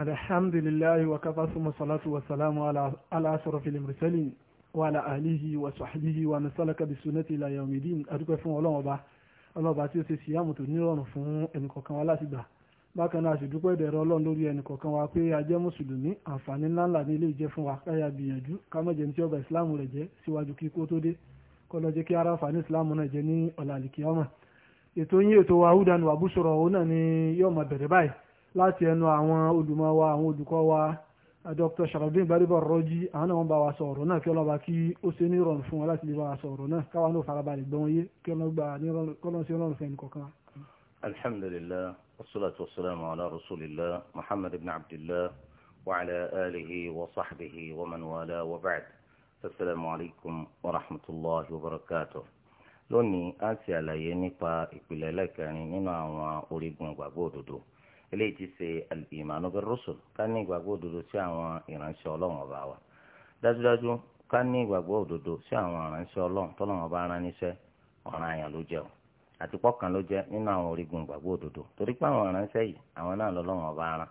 alhamdulilayi wa kafa suma salatu wa salamu ala asọrọfili mursalin wa ala alihi wa sahbihi wa nasalaka bi sunnati ila yaumidin adúpẹ́ fún Ọlọ́run ọba Ọlọ́run ọba tí ó ṣe síyàmù tó nírọ̀rùn fún ẹnìkọ̀ọ̀kan wa láti gbà bákan náà àṣìdúpẹ́ ìdẹ̀rọ Ọlọ́run lórí ẹnìkọ̀ọ̀kan wa pé a jẹ́ mùsùlùmí àǹfààní ńláńlá ní ilé ìjẹ́ fún wa káyà gbìyànjú ká má jẹ́ ní tí ọba ìsìláàmù rẹ̀ jẹ́ síwájú kí kó tó dé kọ́ kí ara àǹfààní ìsìláàmù náà jẹ́ ní ọ̀làlìkíọ́mà ètò yín ètò wa húdàn òun náà ni yóò máa bẹ̀rẹ̀ báyìí láti ẹnu àwọn olùmọ̀ wa àwọn olùkọ́ wa dr sharafdin gbadebo rọjí àwọn náà wọn bá wa sọ̀rọ̀ náà kí ọlọ́ba kí ó ṣe ní ìrọ̀rùn fún wọn láti lè bá wa sọ̀rọ̀ náà káwa náà farabalẹ̀ gbọ́n yé kí ọlọ́gba ní kọ́lọ́ sí ìrọ̀rùn fẹ́ni kọ̀ọ̀kan. alhamdulilah wasalaatu wasalaamu ala rasulillah muhammad ibn abdillah wa ala alihi wa sahbihi wa man wala wa ba'd asalaamu alaykum wa rahmatulahi wa barakatuh. lónìí a ti àlàyé nípa ìpìlẹ̀ lẹ́kẹrin nínú àwọn orígun ìgbàgbọ́ òdodo eléyìí ti ṣe al-imanu bir-rusul ká ní ìgbàgbọ́ òdodo sí àwọn ìránṣẹ́ ọlọ́run ọba wa dájúdájú ká ní ìgbàgbọ́ òdodo sí àwọn ìránṣẹ́ ọlọ́run tọ́lọ́run ọba rán níṣẹ́ ọ̀ràn àyàn ló jẹ́ o àti pọ́kàn ló jẹ́ nínú àwọn orígun ìgbàgbọ́ òdodo torí pé àwọn ìránṣẹ́ yìí àwọn náà lọ́lọ́run ọba rán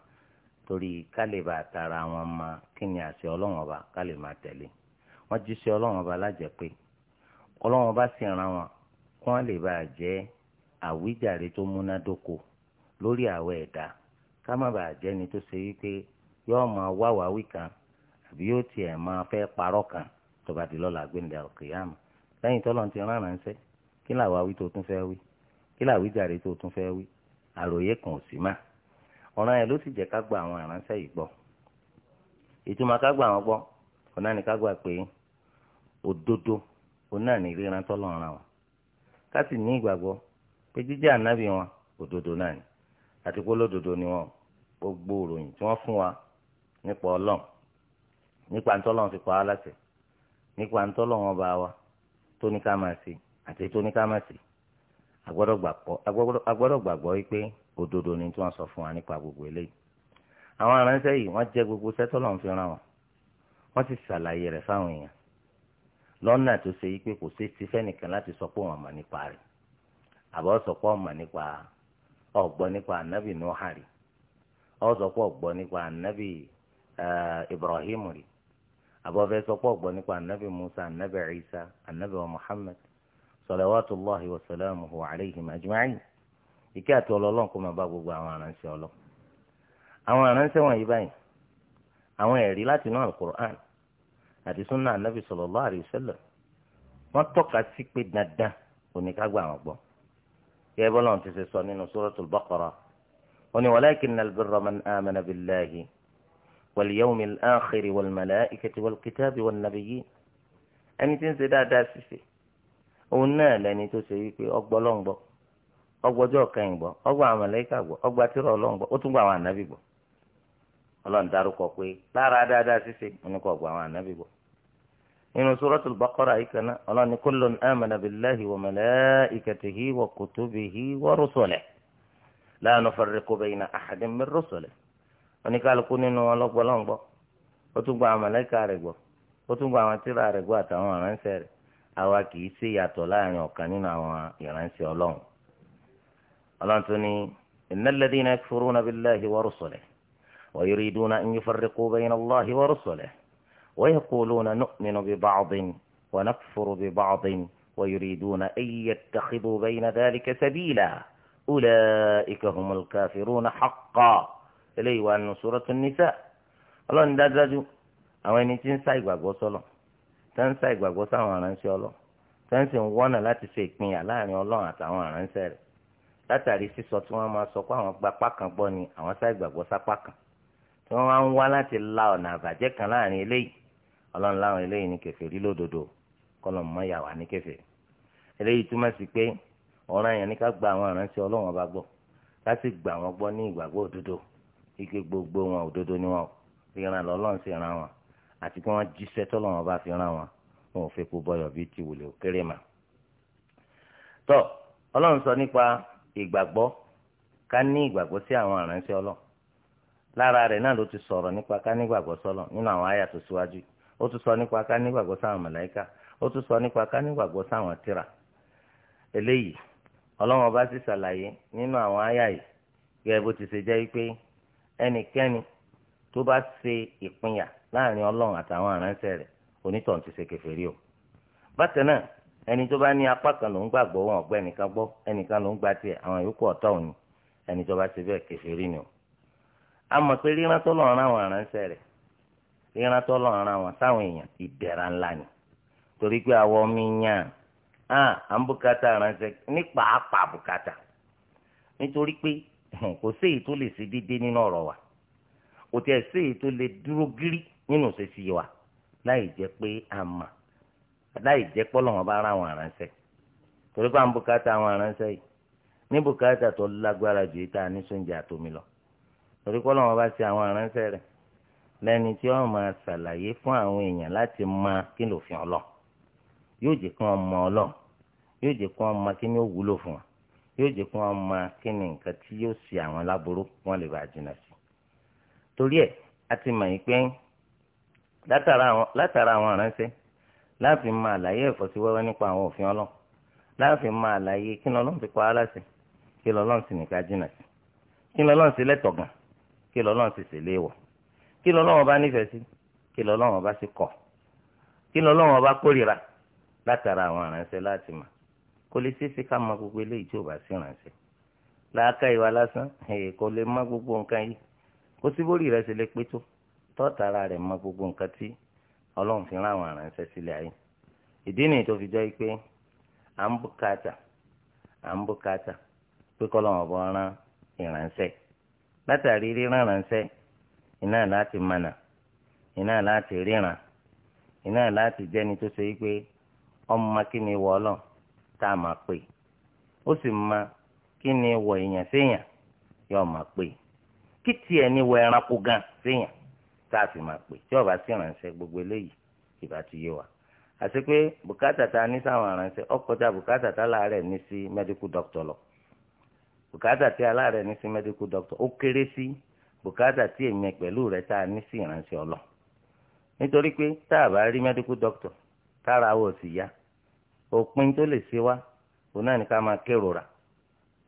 torí ká lè bá tara àwọn ọmọ kí ni àṣẹ ọlọ́run ọba ká lè máa tẹ̀lé wọ́n jíṣẹ́ ọlọ́run àwíjàre tó múnádóko lórí àwọ ẹ̀dá ká má bàa jẹ́ni tó ṣe wípé yóò máa wá wàwí kan àbí yóò tiẹ̀ máa fẹ́ parọ́ kan tó bá di lọ́la gbẹ̀ndẹ̀ àkìyàmù lẹ́yìn tọ́lọ́ ti rán ránṣẹ́ kí làwa wí tó tún fẹ́ wí kí làwí jàre tó tún fẹ́ wí àròyé kan ò sí mà ọ̀ràn ẹ̀ ló sì jẹ́ ká gba àwọn àránṣẹ́ yìí gbọ́ ìtumọ̀ ká gba àwọn gbọ́ ọ̀nà ni ká gbà pé òdodo ọ̀nà ni ríran tọ́lọ́ ràn wọn ká sì ní ìgbàgbọ́ pé jíjẹ́ ànábì wọn òdodo náà ni àti pé olódodo ni wọn gbogbo ìròyìn tí wọ́n fún wa nípa ọlọ́run nípa ntọ́lọ́run fi pa á láṣẹ nípa ntọ́lọ́run ọba wa tó ní ká máa ṣe àti tó ní ká máa ṣe agbọ́dọ̀ gbàgbọ́ wípé òdodo ni tí wọ́n sọ fún wa nípa gbogbo eléyìí àwọn aránṣẹ́ yìí wọ́n jẹ́ gbogbo sẹ́tọ́lọ́run fi ràn wọ́n wọ́n ti ṣàlàyé rẹ̀ fáwọn èèyàn lọ́nà tó ṣe yí pé kò sí ti fẹ́nìkan láti sọ pé wọ́n mọ̀ nípa rẹ̀ àbọ̀ sọ pé wọ́n mọ̀ nípa rẹ̀ ọ̀gbọ́ nípa ànábì nuhari ọ̀sọ̀pọ̀ ọ̀gbọ́ nípa ànábì ibrahim rí àbọ̀fẹ́ sọ̀pọ̀ ọ̀gbọ́ nípa musa ànábì isa ànábì muhammad salawatullahi wa salamuhu alayhim ajma'in ìkẹ́ àti ọlọ́lọ́n kó máa bá gbogbo àwọn àwọn báyìí àwọn láti alukur'an àti sunna anabi sí pé dandan àwọn gẹ́gẹ́ bọ́lá ti ṣe sọ nínú suratul Baqara wọn ni walakin albirra man amana billahi wal yawmil akhir wal malaikati wal kitabi wan nabiyyin ẹni tí ń ṣe dáadáa ṣiṣe òun náà lẹni tó ṣe wípé ọgbọ́lọ́ngbọ́ ọgbọ́jọ́ kẹyìn gbọ́ ọgbà àwọn màláíkà ọgbà tìrọ̀ ọlọ́ngbọ́ ó tún gbọ́ àwọn ànábì nínú suratul baqara yìí kan náà ọlọ́ni kullun amana billahi wa malaikatihi wa kutubihi wa rusulihi la nufarriqu bayna ahadin min rusulihi oníkálukú nínú ọlọ́gbọ́lọ́ngbọ́ ó tún gba àwọn màláíkà rẹ̀ gbọ́ ó tún gba àwọn tírà rẹ̀ gbọ́ àtàwọn aránṣẹ́ rẹ̀ àwa kì í ṣe yàtọ̀ láàrin ọ̀kan nínú àwọn ìránṣẹ́ ọlọ́run ọlọ́run tó ní innal ladhina yakfuruna billahi wa rusulihi wa yuriduna an yufarriqu bayna Allahi wa rusulihi ويقولون نؤمن ببعض ونكفر ببعض ويريدون أن يتخذوا بين ذلك سبيلا أولئك هم الكافرون حقا إليه وأن سورة النساء الله ندرج أو أن تنسى إقبال صلى تنسى إقبال صلى وأن الله tẹ́ǹsì ń wọ́nà láti ṣe ìpínyà láàrin ọlọ́run àtàwọn àránṣẹ́ rẹ̀ látàrí sísọ tí wọ́n máa sọ pé àwọn gba pákan gbọ́ ni àwọn sáìgbàgbọ́ sápá kan tí wọ́n wá ń wá láti la ọ̀nà àbàjẹ́ kan láàrin eléyìí ọlọ́run láwọn eléyìí ní kèfèrí lódodo kọ́lọ̀ mọ́ yà wá ní kèfèrí eléyìí túmọ̀ sí pé ọ̀ràn yẹn ní ká gba àwọn ìránṣẹ́ ọlọ́run ọba gbọ́ ká sì gbà wọ́n gbọ́ ní ìgbàgbọ́ òdodo ike gbogbo wọn òdodo ni wọn ìran lọ́lọ́run sì ran wọn àti pé wọ́n jíṣẹ́ tọ́lọ́run ọba fi ran wọn wọn ò fẹ́ kó bọ́yọ̀ bíi ti wùlé òkèrè mà. tọ́ ọlọ́run sọ nípa ìgbàgbọ́ ká ní ìgbàgbọ́ sí àwọn ìránṣẹ́ ọlọ́run lára rẹ̀ náà ló ti sọ̀rọ̀ nípa ká ní ìgbàgbọ́ sọ́lọ̀ nínú àwọn àyà síwájú yìí ó tún sọ nípa ká nígbàgbọ́ sáwọn màláíkà ó tún sọ nípa ká nígbàgbọ́ sáwọn tírà eléyìí ọlọ́run ọba sì ṣàlàyé nínú àwọn àyà yìí gẹ́gẹ́ bó ti ṣe jẹ́ ẹnikẹ́ni tó bá ṣe ìpínyà láàrin ọlọ́run àtàwọn aránṣẹ́ rẹ̀ onítọ̀hún ti ṣe kèfèrí o bákan náà ẹni tó bá ní apá kan ló ń gbàgbọ́ wọn ẹnìkan gbọ́ ẹnìkan ló ń tiẹ̀ àwọn yòókù ọ̀tọ̀ a mọ̀ ìran tó lọ ara wọn sáwọn èèyàn ìdẹ̀ra ńlá ni torí pé àwọn ọmọ èèyàn à ń bùkátà ránṣẹ́ ní pàápàá bùkátà nítorí pé kò sí èyí tó lè ṣe déédé nínú ọ̀rọ̀ wa kò tiẹ̀ sí èyí tó lè dúró gírí nínú wa láì jẹ́ pé a mà láì jẹ́ wọn bá ara wọn ránṣẹ́ torí pé à ń bùkátà àwọn yìí ní bùkátà tó lágbára ní sóúnjẹ àtòmí lọ torí lẹ́ni tí wọ́n máa ṣàlàyé fún àwọn èèyàn láti mọ kí ló fi ọlọ́ yóò jẹ́ kí wọ́n mọ ọlọ́ yóò jẹ́ kí wọ́n mọ kí ni ó wúlò fún wọn yóò jẹ́ kí wọ́n mọ kí ni nǹkan tí yóò ṣe àwọn láboró wọn lè bá jìnnà sí. torí ẹ̀ a ti mọ̀ yín pé látara àwọn aránṣẹ́ láàfin máa àlàyé ẹ̀fọ́ sí wẹ́wẹ́ nípa àwọn òfin ọlọ́ láàfin máa àlàyé kí lọ́lọ́run ti pa á láṣẹ kí lọ́lọ́run sì ní jìnnà sí kí lọ́lọ́run sì lẹ́tọ̀gàn kí lọ́lọ́run sì ṣèléèwọ̀ kí lọ́lọ́wọ́n bá nífẹ̀ẹ́ sí kí lọ́lọ́wọ́n bá sì kọ̀ kí lọ́lọ́wọ́n bá kórìíra látara àwọn aránṣẹ́ láti mà kò lè ṣeéṣe ká mọ gbogbo eléyìí tí ò bá sí ránṣẹ́ láàká ìwà lásán kò lè mọ gbogbo nǹkan yìí kó sí bórí rẹ̀ ṣe lè pé tó tọ́tara rẹ̀ mọ gbogbo nǹkan tí ọlọ́run fi rán àwọn aránṣẹ́ sílẹ̀ ayé ìdí nìyí tó fi jẹ́ pé à ń bùkátà à ń bùkátà pé kọ́lọ́wọ́n bọ́ rán ìránṣẹ́ látàrí rírán ránṣẹ́ iná láti mana? iná láti ríran iná láti jẹ́ni tó ṣe wípé ọmọ kí ni wọ́ ọlọ́ tá a máa pè ó sì máa kí ni wọ èèyàn séèyàn yóò máa pè kí tiẹ̀ ni wọ ẹranko gan séèyàn tá a sì máa pè tí ọba sì ránṣẹ́ gbogbo eléyìí ìbá ti yé wa àti pé bùkátà ta ní sáwọn aránṣẹ́ ọkọjá bùkátà ta láàárẹ̀ ní sí medical doctor lọ bùkátà tí aláàárẹ̀ ní sí medical doctor ó kéré sí bùkátà tí èmi pẹ̀lú rẹ̀ tá a ní sí ìránṣẹ́ ọlọ nítorí pé tá a bá rí medical dọ́kítọ̀ tára wò ya òpin tó lè ṣe wá òun náà ni ká máa kérora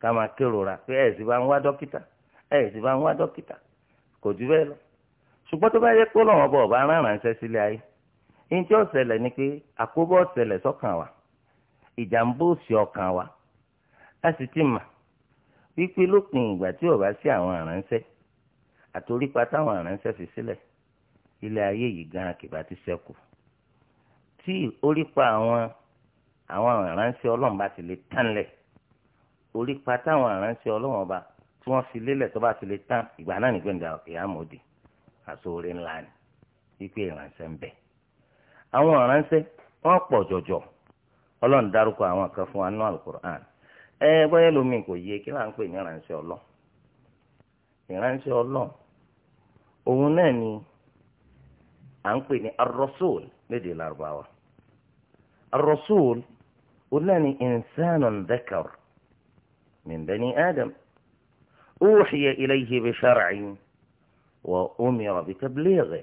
ká máa kérora pé ẹ̀ sì bá ń wá dókítà ẹ̀ sì bá ń wá dókítà kò jù bẹ́ẹ̀ lọ ṣùgbọ́n tó bá yẹ pé lọ́wọ́ bọ̀ ọ̀bá aránránṣẹ́ sílé ayé ní tí ó ni pé àkóbọ̀ sọ́kàn wa ìjàmbá àtòrípa táwọn aránṣẹ́ fi sílẹ̀ ilé ayé yìí gan kìbá ti ṣẹ́kù tí orípa àwọn àwọn aránṣẹ́ ọlọ́run bá ti lè tánlẹ̀ orípa táwọn aránṣẹ́ ọlọ́run bá tí wọ́n fi lélẹ̀ tó bá ti lè tán ìgbà náà nígbẹ̀ǹdà ìyàmọ̀dì àsóore ńlá ni wípé ìránṣẹ́ ń bẹ àwọn aránṣẹ́ wọ́n pọ̀ jọjọ ọlọ́run dárúkọ àwọn kan fún wa nínú alukur'an ẹ bọ́yá lómi kò yé kí là ń pè ní ìránṣẹ́ ọlọ́run ìránṣẹ́ ọlọ́run òun náà ni à ń pè ní arọ́sùl lédè lárúbáwá arọ́sùl òun náà ni insanun dhakar min bani adam uhiya ilayhi bi shar'in wa umira bi tablighi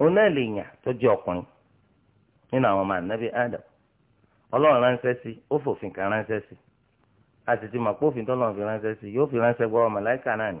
òun náà lè yàn tó jẹ́ ọkùnrin nínú àwọn ọmọ ànábì adam ọlọ́run ránṣẹ́ sí ó fòfin kan ránṣẹ́ sí a sì ti mọ̀ pé òfin tó lọ́n fi ránṣẹ́ sí yóò fi ránṣẹ́ gbọ́ ọmọ láìka náà ni.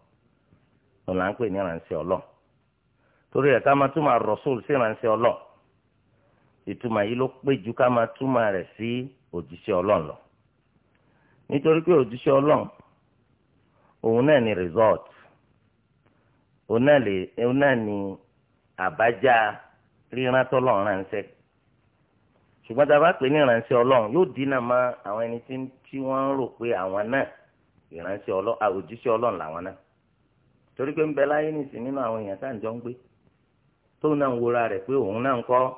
ọ̀nà à ń pè ní ìránṣẹ́ ọlọ́ọ̀ torí ẹ̀ ká máa túmọ̀ rọ̀ṣúl sí ìránṣẹ́ ọlọ́ọ̀ ìtumọ̀ yìí ló pé ju ká máa túmọ̀ rẹ̀ sí òjíṣẹ́ ọlọ́ọ̀ lọ nítorí pé òjíṣẹ́ ọlọ́ọ̀ òun náà ni result òun náà ni àbájá ríran tọ́lọ́run ránṣẹ́ ṣùgbọ́n tá a bá pè ní ìránṣẹ́ ọlọ́run yóò dínà mọ́ àwọn ẹni tí wọ́n ń rò pé àwọn náà ìránṣẹ́ ọlọ́run òjíṣẹ́ ọlọ́run làwọn náà torí pé ń bẹ láyé nìsín nínú àwọn èèyàn tá à ń jọ ń gbé tóun náà ń wora rẹ̀ pé òun náà ń kọ́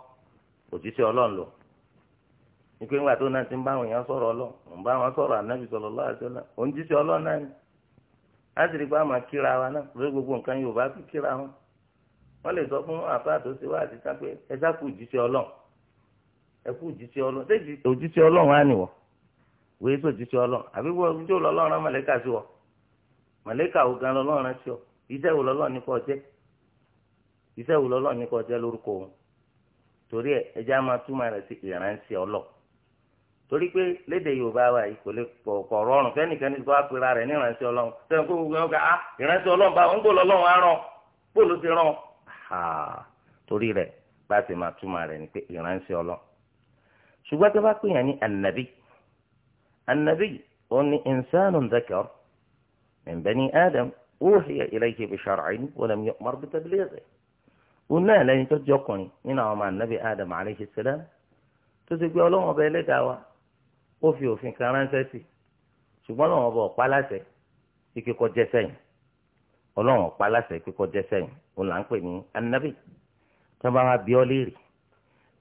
òjíṣẹ́ ọlọ́run ńgbà tóun náà ti ń bá àwọn èèyàn sọ̀rọ̀ ń bá wọn ànábì òun náà ni láti rí i pé kíra wa náà lórí gbogbo nǹkan Yorùbá fi kíra wọn wọ́n lè sọ fún àfáà tó ṣe wá àti sá ẹ sá kú òjíṣẹ́ ọlọ́run ẹ kú òjíṣẹ́ ọlọ́run á nìwọ̀ màlẹ́kà wo gan lọ́lọ́run rántí ọ iṣẹ́ wo lọ́lọ́run ní kó jẹ́ iṣẹ́ wo lọ́lọ́run ní kó jẹ́ lórúkọ òun torí ẹ ẹja máa túmọ̀ rẹ̀ sí ìránṣẹ́ ọlọ́ torí pé léde Yorùbá wa yìí kò lè kọ̀ rọrùn fẹ́nìkan kó apera rẹ̀ ní ìránṣẹ́ ọlọ́run sẹ́yìn kó gbogbo ọ̀gá ah ìránṣẹ́ ọlọ́run bá ń gbò lọ́lọ́run aràn bó ló ti ràn torí rẹ̀ bá ti máa túmọ̀ rẹ̀ ní pé ìránṣẹ́ ọlọ́run ṣùgbọ́n tó bá pè yàn ní ànàbí ànàbí òun ni ìnsánù ń dẹ́kẹ̀ọ́ من بني آدم أوحي إليه بشرع ولم يؤمر بتبليغه قلنا لن تجقني من مع النبي آدم عليه السلام تسيبي الله بيلي دعوة وفي وفي كران سيسي ṣùgbọ́n lọ́wọ́ bọ̀ ọ̀pá láṣẹ kíkọ́ jẹ́ sẹ́yìn ọlọ́wọ́ ọ̀pá láṣẹ kíkọ́ jẹ́ sẹ́yìn òun là ń pè ní anabi tó bá wa bí ọ léèrè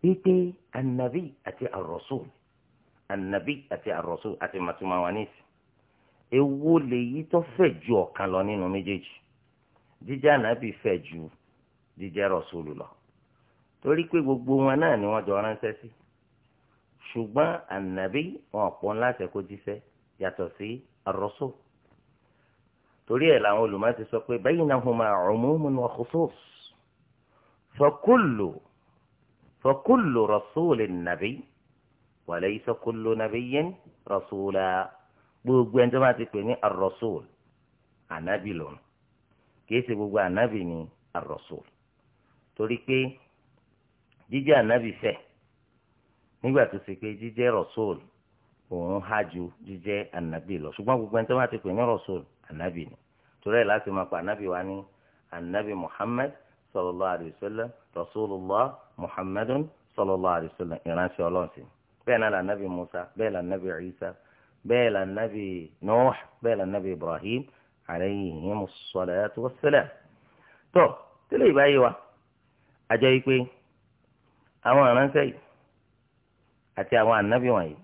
wípé anabi àti ar-rasul anabi àti ar-rasul àti màtúmọ̀ wà nísì èwo lèyí tó fẹ̀ ju ọ̀kan lọ nínú méjèèjì jíjẹ́ ànábì fẹ̀ ju jíjẹ́ rọ̀ṣọ́lù lọ torí pé gbogbo wọn náà ni wọ́n jọ ránṣẹ́ sí ṣùgbọ́n ànábì wọn ọ̀pọ̀ ńlá ṣe kó jíṣẹ́ yàtọ̀ sí rọ̀ṣọ́ torí ẹ̀ làwọn olùmọ̀ ti sọ pé baynahuma umumun wa khusus fakullu fakullu rasulin nabi wa laysa kullu nabiyyin rasula gbogbo ẹni tó bá ti pè ní arọ́sọ́ọ̀lù ànábì lòun kìí ṣe gbogbo ànábì ní arọ́sọ́ọ̀lù torí pé jíjẹ́ ànábì fẹ̀ nígbà tó ṣe pé jíjẹ́ rọ́sọ́ọ̀lù òun há ju jíjẹ́ ànábì lọ ṣùgbọ́n gbogbo ẹni tó bá ti pè ní rọ́sọ́ọ̀lù ànábì ni torí ẹ̀ láti máa pa ànábì wa ní ànábì Muhammad sallallahu alayhi wa sallam rasulullah Muhammadun sallallahu alayhi wa sallam ìránṣẹ́ ọlọ́sìn bẹ́ẹ̀ náà lànàbì Musa bẹ́ẹ̀ lànàbì Isa bẹ́ẹ̀ là nàbì Nuh bẹ́ẹ̀ là nàbì Ibrahim alayhimu salatu wassalam tó tẹ́lẹ̀ ìbáyé wa àjọ yìí pé àwọn aránṣẹ́ yìí àti àwọn ànábì wọ̀nyí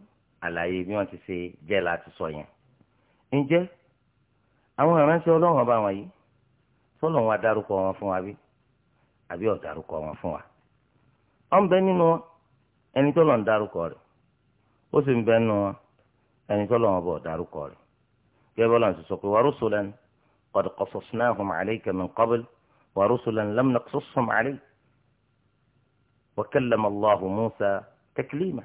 àlàyé bí ti ṣe jẹ́ láti sọ yẹn ǹjẹ́ àwọn aránṣẹ́ ọba wọ̀nyí sọ́lọ̀ wọn adarúkọ wọn wa bí àbí ọ̀darúkọ wọn fún wa ẹni tó lọ́wọ́ bọ̀ dárúkọ rẹ̀ gẹ́gẹ́ bọ́lá ti sọ pé wa rusulan qad qasasnahum alayka min qabl wa rusulan lam naqsushum alayka wa kallama Allahu Musa taklima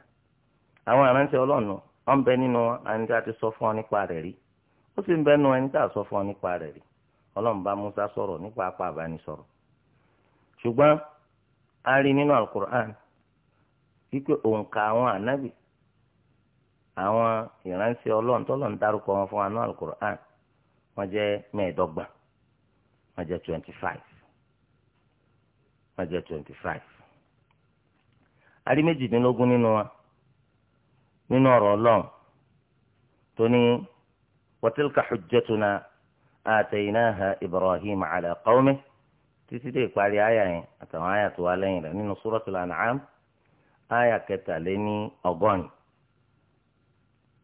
àwọn ìrántí ọlọ́run wọn bẹ nínú ẹni tí a ti sọ fún ọ nípa rẹ̀ rí ó sì ń bẹ nínú ẹni tí a sọ fún ọ nípa rẹ̀ rí ọlọ́run bá Musa sọ̀rọ̀ nípa àwọn ìránṣẹ́ ọlọ́run tọ́lọ́run dárúkọ wọn fún wa ní alukur'an wọ́n jẹ́ mẹ́ẹ̀ẹ́dọ́gbọ̀n wọ́n jẹ́ twenty five wọ́n jẹ́ twenty five. arí méjìdínlógún nínú wa nínú ọ̀rọ̀ ọlọ́run tó ní watilka hujjatuna ataynaha ibrahim ala qawmi títí dé ìparí àyà yẹn àtàwọn àyà tó wà lẹ́yìn rẹ̀ nínú suratul an'am àyà kẹtàléní ọgọ́rin.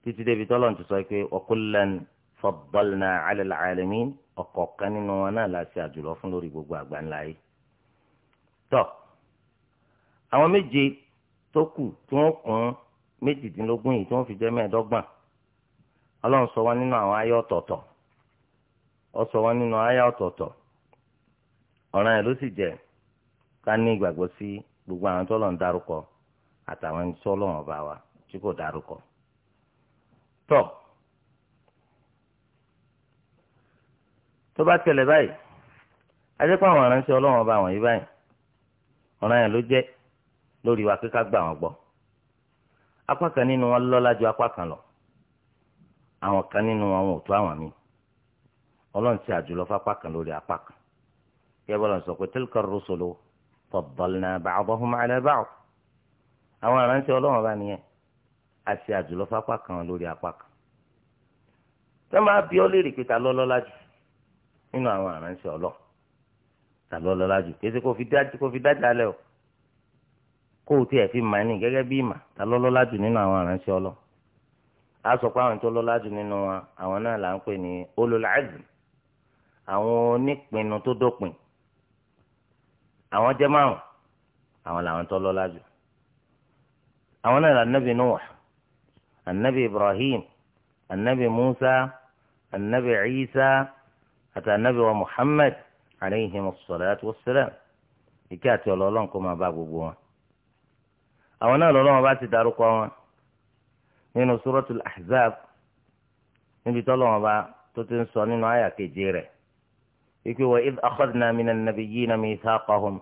títí débi tọ́lọ̀ ti sọ pé ọkùnrin faddalna ala al-alamin ọ̀kọ̀ọ̀kan nínú wọn náà la ṣe àjùlọ fún lórí gbogbo àgbáńlá yìí. tọ́ àwọn méje tó kù tí wọ́n kún méjìdínlógún yìí tí wọ́n fi jẹ́ mẹ́ẹ̀ẹ́dọ́gbọ̀n ọlọ́run sọ wọn nínú àwọn ayé ọ̀tọ̀ọ̀tọ̀ ọ sọ wọn nínú ayé ọ̀tọ̀ọ̀tọ̀ ọ̀ràn ẹ̀ ló sì jẹ́ ká ní ìgbàgbọ́ sí gbogbo àwọn tọ́lọ̀ ń dárúkọ àtàwọn ẹni tọ́lọ̀ ọ̀bá wa tí kò dárúkọ. tọ̀ tó bá tẹ̀lé báyìí ajẹ́pọ̀ àwọn aránṣẹ́ ọlọ́wọ́n bá wọ̀nyí báyìí ọ̀ràn yẹn ló jẹ́ lórí wa kíkà gbà wọ́n gbọ́ apá kan nínú wọn lọ́lá ju apá kan lọ àwọn kan nínú wọn wọn ò tó àwọn míì ọlọ́run ti àjùlọ fapá kan lórí apá kan kí ẹ sọ pé tilka rusulu faddalna ba'dahum ala ba'd àwọn aránṣẹ́ ọlọ́wọ́n bá nìyẹn àti àjùlọ fapá kan lórí apá kan tẹ́ máa bí ọ léèrè pé ta lọ́lọ́lá jù nínú àwọn àránṣẹ́ ọlọ́ ta lọ́lọ́lá jù kése kó fi dájú kó fi dájà lẹ́ o kó o tiẹ̀ fi màá ní gẹ́gẹ́ bí ìmà ta lọ́lọ́lá jù nínú àwọn àránṣẹ́ ọlọ́ a sọ pé àwọn tó lọ́lá jù nínú wa àwọn náà là ń pè ní ulul àwọn onípinnu tó dópin àwọn jẹ́ márùn àwọn làwọn tó lọ́lá jù àwọn náà là Nábì Nuh النبي إبراهيم النبي موسى النبي عيسى حتى النبي ومحمد عليهم الصلاة والسلام إكاتي الله كما بابو بوا أو أنا الله بات داروكا من سورة الأحزاب من بيتلو ما بات تتنسوني نوايا كجيري يكي وإذ أخذنا من النبيين ميثاقهم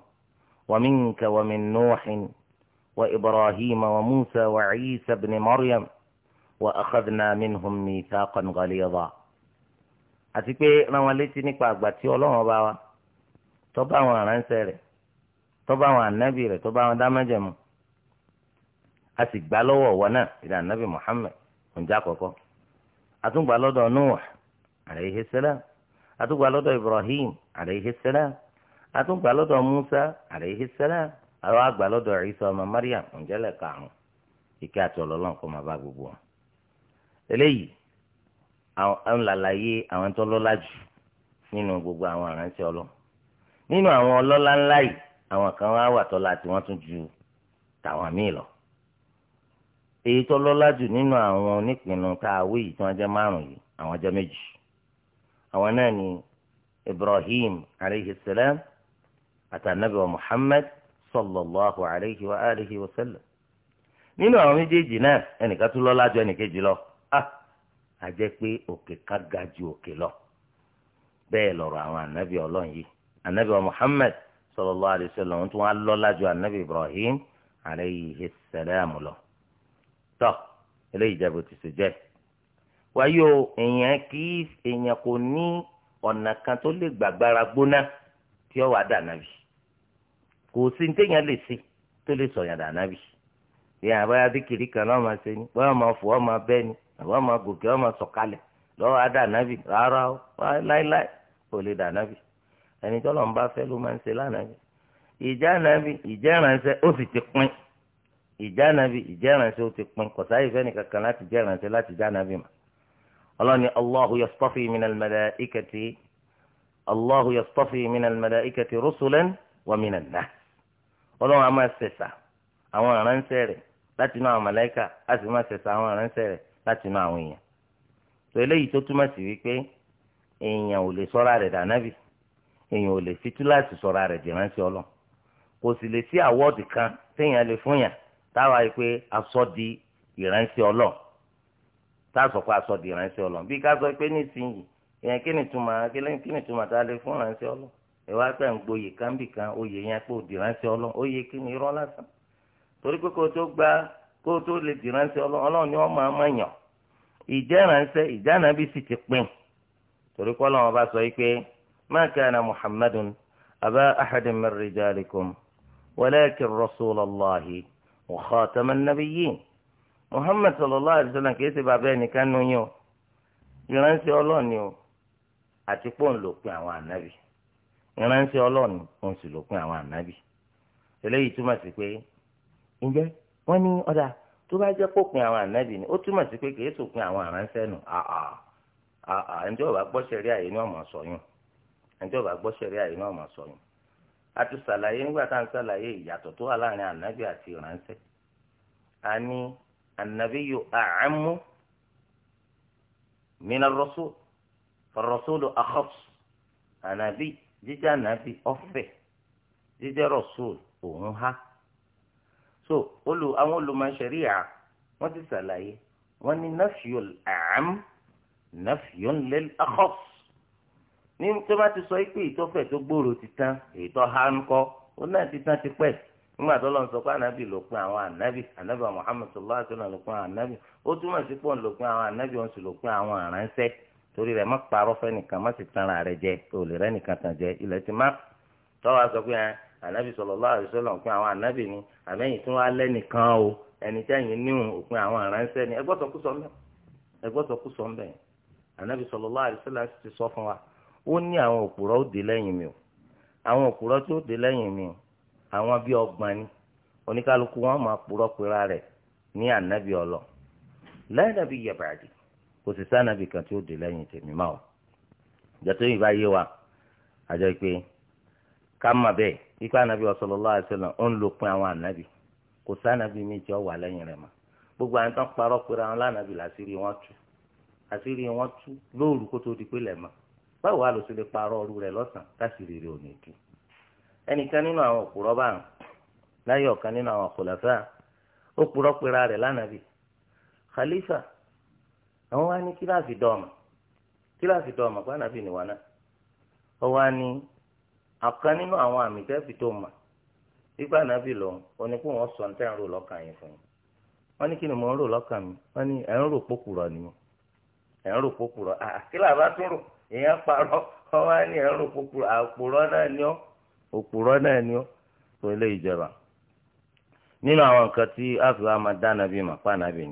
ومنك ومن نوح وإبراهيم وموسى وعيسى ابن مريم wa akhadna minhum mithaqan ghalidha àti pé rán wọn létí nípa àgbà tí ọlọ́run bá wa tó bá àwọn aránṣẹ́ rẹ̀ tó bá àwọn ànábì rẹ̀ tó bá àwọn dámẹ́jẹ̀mú a sì gbà lọ́wọ́ wọn náà ìdá ànábì Muhammad ǹjẹ́ àkọ́kọ́ àtúngbà lọ́dọ̀ Nuh alayhi Ibrahim Musa eléyìí àwọn làlàyé àwọn tó lọ́lá jù nínú gbogbo àwọn àránṣẹ́ ọlọ́run nínú àwọn ọlọ́lá ńlá yìí àwọn kan wá wà tọ́lá tí wọ́n tún ju tàwọn míì lọ èyí tó lọ́lá jù nínú àwọn onípinnu tá a wí yìí tí wọ́n jẹ́ márùn yìí àwọn jẹ́ méjì àwọn náà ni Ibrahim aleyhi salam àtànàbẹ̀ wa Muhammad sallallahu alayhi wa alihi wa sallam nínú àwọn méjèèjì náà ẹnìkan tún lọ́lá jù ẹnìkejì lọ. àjẹ́ pé òkè ká ga ju òkè lọ bẹ́ẹ̀ lọ̀rọ̀ àwọn anabi ọlọ́run yìí sallallahu alaihi wasallam tó wá lọ́lá ju anabi Ibrahim alaihi salam lọ tọ́ eléyìí jẹ́ bó ti ṣe jẹ́ wáyé o èèyàn kì í èèyàn kò ní ọ̀nà kan tó lè gbàgbára gbóná tí ó wàá kò sí ní téèyàn lè ṣe tó lè sọ̀yàn kan náà máa ṣe ni àbá máa gòkè ọmọ sọ̀kalẹ̀ lọ́wọ́ adá nàbì rárá o láéláé kò lè dà nàbì ẹni tọ́lọ̀ ń bá fẹ́ ló máa ń ṣe lánàbì ìjà nàbì ìjẹ́ ìrànṣẹ́ ó sì ti pín ìjà nàbì ìjẹ́ ìrànṣẹ́ ó ti pín kò sáyé fẹ́ nìkankan láti jẹ́ ìrànṣẹ́ láti já nàbì mà ọlọ́ni allahu yastafi minal malaikati allahu yastafi minal malaikati rusulan wa minan nas ọlọ́run a máa ṣẹ̀ṣà àwọn ìrànṣẹ́ rẹ̀ láti inú àwọn a sì máa ṣẹ̀ṣà àwọn ìrànṣẹ́ rẹ̀ láti máa àwọn èèyàn tó eléyìí tó túmọ̀ sí wípé èèyàn ò lè sọ́ra rẹ̀ dànábì èèyàn ò lè fi túláàsì sọ́ra rẹ̀ dìránṣẹ́ ọlọ́ kò sì lè sí àwọ́ọ̀dì kan téèyàn lè fún yàn táwa yìí pé aṣọ di ìránṣẹ́ ọlọ́ táàsọ̀ pé aṣọ di ìránṣẹ́ ọlọ́ bí ká sọ pé nísìnyí èèyàn kí ni túmọ̀ kí ni túmọ̀ tá a lè fún ìránṣẹ́ ọlọ́ ìwà pẹ̀ ń gboyè kánbì kan oyè yẹn pé òdì ìránṣẹ́ ọlọ́ oyè kí ni irọ́ lásán torí pé kó tó gba kó o tó lè dìránṣẹ́ ọlọ́run ni wọ́n máa máa yàn ìjẹ́ránṣẹ́ ìjánabi sì ti pín torí kọ́ lọ́wọ́ bá sọ pé ma kana muhammadun aba ahadin min rijalikum walakin rasulallahi wa khataman nabiyyin muhammad sallallahu alayhi wa sallam kìí ṣe bàbá ẹnìkan nù yín o ìránṣẹ́ ọlọ́run ni o àti pọ́ùn lópin àwọn ànábì ìránṣẹ́ ọlọ́run òun sì lópin àwọn ànábì eléyìí túmọ̀ sí pé ǹjẹ́ wọ́n ní ọ̀dà tó bá jẹ́ pin àwọn ànábì ni ó túmọ̀ sí pé kìí sòpin àwọn àránṣẹ́ nù àà ǹjẹ́ ò bá gbọ́ sẹ̀rí àyè ní ọ̀mọ̀ sọ̀yún ǹjẹ́ ò bá gbọ́ sẹ̀rí àyè ní ọ̀mọ̀ sọ̀yún a ti ṣàlàyé nígbà tá à ń ìyàtọ̀ a ní ànábì yóò àámú mina rasul farasulu ànábì jíjẹ́ ànábì ọ̀fẹ́ jíjẹ́ òun ha. so olù àwọn olùmọ̀ṣẹ̀ríà wọ́n ti ṣàlàyé wọ́n ní nafiyul a'am nafiyun lil akhas ní tó bá ti sọ pé ìtọ́fẹ̀ tó gbòòrò ti tán ètò hankọ́ ó náà ti tán ti pẹ́ nígbà tó lọ sọ pé ànábì ló pin àwọn ànábì ànábì Muhammad sallallahu alaihi wasallam ló pin àwọn ànábì ó túmọ̀ sí pọ̀ ló pin àwọn ànábì òun sì ló pin àwọn àránṣẹ́ torí rẹ̀ má parọ́ fẹ́ nìkan má sì tanra rẹ̀ jẹ olè rẹ̀ nìkan tàn jẹ ilẹ̀ ti má tọ́wọ́ sọ pé ànábì sallallahu alaihi wasallam òpin àwọn ànábì ni àmẹ́yìn tí wọ́n á lẹ́nìkan o ẹni tẹ́yìn níhùn òpin àwọn aránṣẹ́ ni ẹgbọ́sọkúsọ ń bẹ̀ ẹgbọ́sọkúsọ ń bẹ̀ ànábì sallallahu alaihi wasallam ti sọ fún wa ó ní àwọn òpùrọ́ ó dé lẹ́yìn mi o àwọn òpùrọ́ tí ó dé lẹ́yìn mi o àwọn bíi ọgbọ̀n ni oníkálukú wọn máa purọ́ pera rẹ̀ ní ànábì ọlọ lẹ́yìn bí yẹ̀bàdì kò sì sànàbì kan tí ó kama mà bẹ́ẹ̀ anabi sallallahu alaihi lo pin anabi kò sa anabi mi wà gbogbo àwọn tó ń parọ́ pé lanabi la làṣírí wọn tú asiri wọn tú lóòrù di pé lẹ̀ ma báwo wà ló ṣe lè parọ́ ọrú rẹ̀ lọ́sàn káṣírí ò ní tú ẹnìkan nínú àwọn òpùrọ́ bá ń nínú àwọn àkan nínú àwọn àmì tẹ́fì tó mà nígbà náà bì lọ òní kó wọ́n sọ ní tẹ́ ń rò lọ́kàn yẹn fún yín wọ́n ní kí ni mò ń rò lọ́kàn mi wọ́n ní ẹ̀ ń rò pókùrọ̀ ni mo ẹ̀ ń rò pókùrọ̀ àkí làbá tó rò èèyàn parọ́ wọ́n wá ní ẹ̀ ń rò pókùrọ̀ àpòrọ́ náà ni ọ́ òpòrọ́ náà ni ọ́ tó ilé ìjọba nínú àwọn nǹkan tí àfiwá máa dá nàbì mà pa ni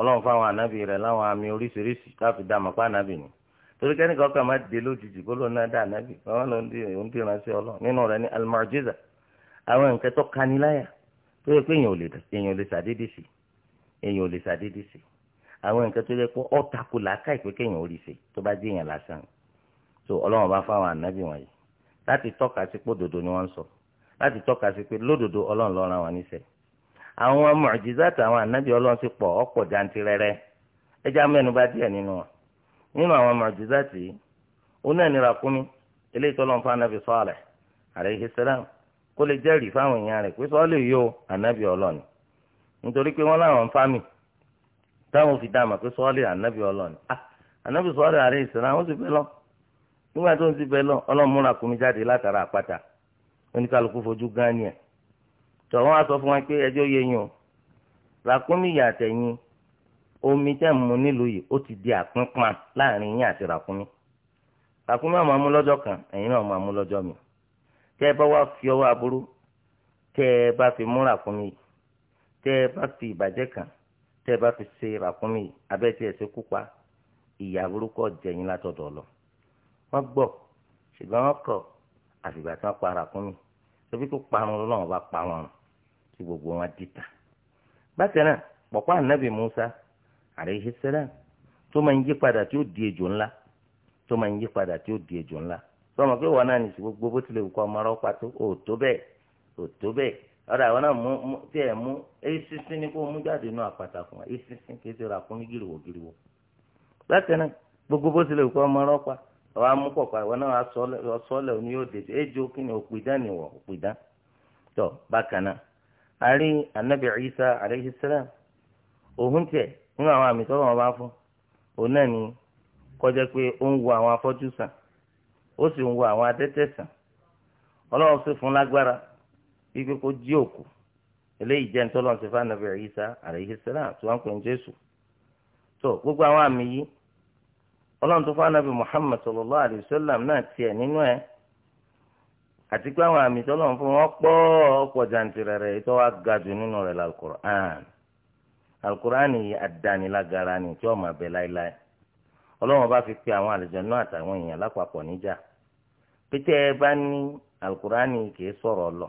ọlọ́run fáwọn ànábì rẹ̀ láwọn àmì oríṣiríṣi láfi dá mà pa ni torí kẹ́ni kọ́kọ́ máa dé lójijì kó lóun náà dá ànábì wọn ló ń di òun ti nínú rẹ̀ ní almarjiza àwọn nǹkan tó kaniláyà tó yẹ pé èèyàn ò lè ṣàdédé sí èèyàn ò lè ṣàdédé sí àwọn nǹkan tó yẹ pé ó takò làákà ìpè kéèyàn ò rí ṣe tó bá jẹ́ èèyàn lásán so ọlọ́run bá fáwọn ànábì wọ̀nyí láti tọ́ka sí pé òdodo ni wọ́n ń sọ láti tọ́ka sí pé lódodo ọlọ́run ló rán wọn níṣẹ́ àwọn mọ̀jìzá àtàwọn ànábì ọlọ́run sì pọ̀ ọ̀pọ̀ jantirẹrẹ ẹjẹ́ nínú àwọn màjúzáàtì yìí ó náà nira kúmi nfa anabi Salih kó lè jẹ́rìí fáwọn èèyàn rẹ̀ pé yóò anabi ọlọ́ni nítorí pé wọ́n láwọn ń fámì táwọn fi dáàmà pé anabi ah anabi Salih alayhi salam ó sì lọ nígbà tó ń sì lọ jáde látara àpáta oníkàlùkù fojú wọ́n omi tẹ́ ń mu nílùú yìí ó ti di àpínpán láàrin yín àti ràkúnmí ràkúnmí máa mú lọ́jọ́ kan ẹ̀yin náà máa mú lọ́jọ́ mi tẹ́ ẹ bá wá fi ọwọ́ aburú tẹ́ ẹ bá fi mú ràkúnmí yìí tẹ́ ẹ bá fi ìbàjẹ́ kan tẹ́ ẹ bá fi ṣe ràkúnmí yìí abẹ́ tí ẹ ṣe kú pa ìyà burúkọ jẹ̀yìn látọ̀dọ̀ lọ wọ́n gbọ́ ṣùgbọ́n wọ́n kọ̀ àfìgbà tí wọ́n pa ràkúnmí tóbi kó parun lọ́wọ́ bá pa wọn tí gbogbo wọn dìtà bákan náà pọ̀pọ̀ alayhi salam tó máa ń yí padà tí ó di ejò ńlá tó máa ń yí padà tí ó di ejò ńlá tó máa pé wọn náà ní gbogbo bó tilẹ̀ kọ́ ọmọ ọlọ́pàá tó ò tó bẹ́ẹ̀ ò tó bẹ́ẹ̀ ọ̀rọ̀ àwọn náà mú tí ẹ̀ mú esísín ni kó mú jáde inú àpáta fún wa esísín kì í anabi Isa òhun nínú àwọn àmì tọ́lọ́ wọn bá fún òun náà ni kọjá pé ó ń wo àwọn afọ́jú sàn ó sì ń wo àwọn adẹ́tẹ̀ sàn ọlọ́run sì fún lágbára wípé kó jí òkú eléyìí jẹ́ nítorí ọ̀sẹ̀ tí wọ́n ń pè ní Jésù gbogbo àwọn àmì yìí ọlọ́run tó náà tiẹ̀ nínú ẹ̀ àti àwọn àmì tọ́lọ́run alukur'ani yìí àdánilágara ni tí ọmọ abẹ láéláé ọlọ́wọ́n bá fi pe àwọn àlùjànnú àtàwọn èèyàn lápapọ̀ níjà pété ẹ bá ní alukur'ani kì í sọ̀rọ̀ lọ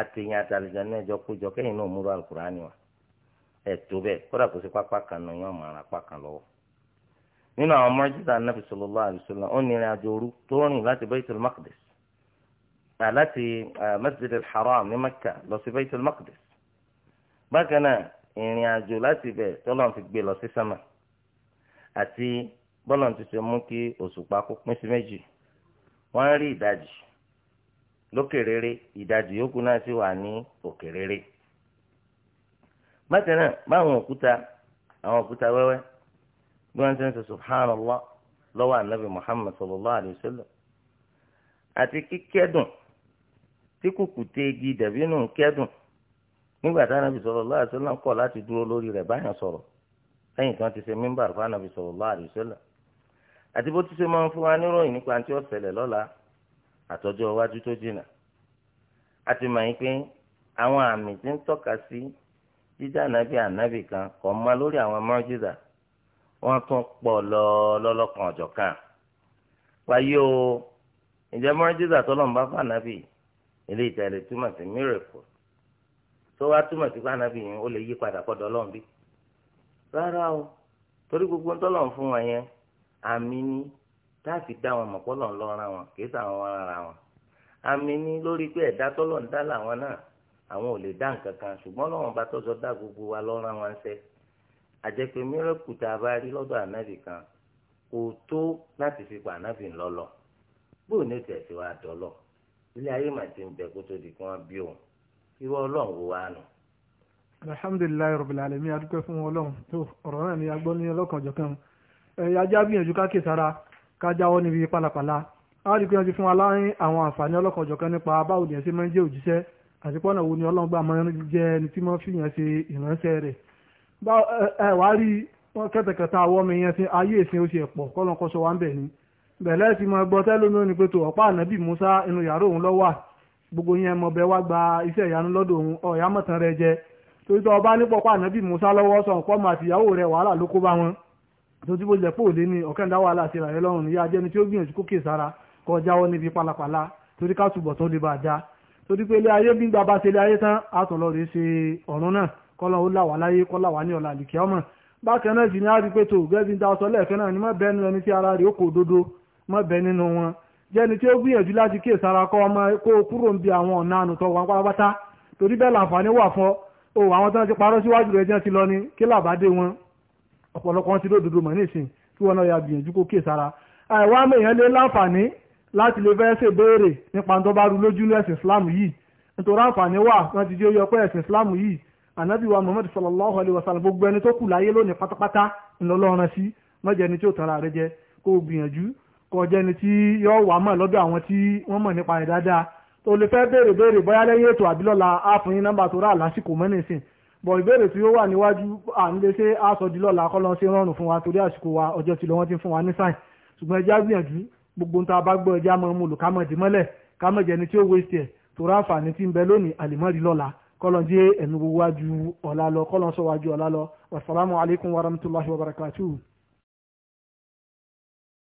àtẹ̀yìn àtàlùjànnú ẹjọ́ péjọ kẹ́yìn náà múra alukur'ani wa ẹ̀ tó bẹ́ẹ̀ kódà kó sí pápá kan náà yóò máa ra pápá kan lọ́wọ́ nínú àwọn mọ́jísà nàbì sallallahu alaihi wasallam ó nìrìn àjò òru tó rìn láti Baitul Maqdis láti Masjid haram ní Mẹ́kà lọ sí Baitul Maqdis bákan náà ìrìn àjò láti ibẹ̀ tọ́lọ́n fi gbé lọ sí sánmà àti bọ́lọ́n ti ṣe mú kí òṣùpá kó pín sí méjì wọ́n rí ìdajì lókè rere ìdajì yòókù náà sì wà ní òkè rere bákan náà báwọn òkúta àwọn òkúta wẹ́wẹ́ bí wọ́n ti ń sọ subhanallah lọ́wọ́ anabi muhammad sallallahu alayhi wa sallam àti kíkẹ́dùn tí kùkùté igi dàbí nù kẹ́dùn nígbà tí anabi sallallahu alaihi wasallam kọ̀ láti dúró lórí rẹ̀ báyàn sọ̀rọ̀ lẹ́yìn tí wọ́n ti ṣe mímbà fún anabi sallallahu alaihi wasallam àti bó ti ṣe máa ń fún wa níròyìn nípa tí ó ṣẹlẹ̀ lọ́la àtọ́jọ́ iwájú tó jìnà àti mọ̀ yín pé àwọn àmì tí ń tọ́ka sí jíjẹ́ ànábì ànábì kan kò mọ lórí àwọn mọ́jídà wọ́n tún pọ̀ lọ́lọ́kan ọ̀jọ̀ kan. wáyé o ìjẹ́ mọ́jídà tọ́lọ́mùbá tó wá túmọ̀ sí pàànàbì yẹn ó lè yí padà kọ́dọ̀ ọlọ́run bí rárá o torí gbogbo ń tọ́lọ̀ fún wọn yẹn àmì ni tá a fi dá wọn mọ̀ pọ́lọ̀ ńlọ́ra wọn kì í sàwọn ara wọn àmì ni lórí pé ẹ̀dá tọ́lọ̀ ń dá làwọn náà àwọn ò lè dá nǹkan kan ṣùgbọ́n lọ́wọ́n bá tọ́jọ́ dá gbogbo wa lọ́ra wọn ṣe àjẹpẹ́ mírẹ́kù tá a bá rí lọ́dọ̀ ànábì kan kò tó láti fi pa ànábì ńlọ́lọ́ bóun ní tẹ̀síwájú ọlọ́ ilé ayé màá ti ń bẹ kó tó di kí wọ́n bí òun irú ọlọ́run wo wá nù. alhamdulilayi rabbil alamin adúpẹ́ fún ọlọ́run tó ọ̀rọ̀ náà ni agbọ́n ní ọlọ́kanjọ̀kan ẹ̀yà ajá gbìyànjú ká kè sára ká jáwọ́ níbi pálapàla a rí pé wọ́n ti fún wa láàrin àwọn àǹfààní ọlọ́kanjọ̀kan nípa báwo ni ẹ̀ ṣe máa ń jẹ́ òjíṣẹ́ àti pọ́nà wo ni ọlọ́run gbà máa ń jẹ́ ẹni tí wọ́n fìyàn ṣe ìránṣẹ́ rẹ̀ ẹ rí wọn kẹ́tẹ̀kẹ́tà àwọ̀ mi yẹn sí ayé ìsìn oṣù ẹ̀pọ̀ kọ́lọ́kọ́sọ wa ń bẹ̀ ni bẹ̀lẹ́ ti mọ ẹgbọ́ tẹ́lómi ó ní pé tó ọ̀pá ànábì Musa inú yàrá òun lọ́wọ́ gbogbo yẹn mọ̀ bẹ́ẹ̀ wá gba iṣẹ́ ìyanu lọ́dọ̀ òun ọ̀yá mọ̀tàn rẹ jẹ torí tó ọba nípò pa ànábì Musa lọ́wọ́ sọ̀n pọ́ mà àtìyàwó rẹ̀ wàhálà ló kó bá wọn tó tí bó pé òde ni ọ̀kẹ́ńdá wàhálà ti rà yẹn lọ́rùn níyà jẹ́ni tí ó gbìyànjú kókè sára kọjá wọn níbi pálapàla torí ká túbọ̀ tó lè bá a dá torí pé ilé ayé gbígbà bá ṣe ilé ayé tán àtọ̀lọ́ rèé ṣe ọ̀run náà kọ́lọ́ ó là láyé kọ́lá wá ní ọ̀la àlìkẹ́ ọmọ bákan náà sì ni a rí pé tó gẹ́gẹ́ bí lẹ́ẹ̀kan náà ni mọ́ bẹ́ẹ̀ nínú ẹni tí ara rẹ̀ ó kò dodo mọ́ bẹ́ẹ̀ nínú wọn jẹ́ni tí ó gbìyànjú láti kí ìsara kọ́ ọmọ kó kúrò ń bi àwọn ọ̀nà ànùtọ̀ wọn pátápátá torí bẹ́ẹ̀ làǹfààní wà fọ́ o àwọn tó ń ti parọ́ síwájú rẹ̀ jẹ́ ti lọ ni kí làbádé wọn ọ̀pọ̀lọpọ̀ wọn ti lódodo mọ̀ nísìn kí wọn náà ya gbìyànjú kó kí ìsara àìwá mẹ́yàn lé láǹfààní láti lè fẹ́ ṣe béèrè nípa tó bá rú lójú ẹ̀sìn Islam yìí nítorí àǹfààní wà wọn ti jẹ́ oyè ọpẹ́ ẹ̀sìn Islam yìí ànábì sallallahu alayhi wa sallam gbogbo ẹni tó kù láyé lónìí pátápátá ńlọlọ́run sí mọ́jẹ́ni tí ó tanra rẹ̀ jẹ kó kọjá ẹni tí yóò wà mọ̀ lọ́dọ̀ àwọn tí wọ́n mọ̀ nípa rẹ̀ dáadáa tó lè fẹ́ béèrè béèrè bóyá lẹ́yìn ètò àbí lọ́la á fún yín nọ́mbà tó rà lásìkò mẹ́nìsìn bọ̀ ìbéèrè tí ó wà níwájú à ń lè ṣe àsọdí lọ́la kọ́lọ́ ṣe rọrùn fún wa torí àsìkò wa ọjọ́ tí lọ́wọ́ ti fún wa ní sáìn ṣùgbọ́n ẹjẹ́ gbìyànjú gbogbo nta bá gbọ́ ẹjẹ́ àmọ́ mọ̀lù ká mọ̀dí mọ́lẹ̀ ká mọ̀jẹ̀ ni tí ó wé tiẹ̀ tó rà àǹfààní tí ń bẹ lónìí àlìmọ́rì lọ́la kọ́lọ́ jẹ́ ẹnu wájú ọ̀la lọ kọ́lọ́ sọ wájú ọ̀la lọ wassalamu alaikum warahmatullahi wabarakatuh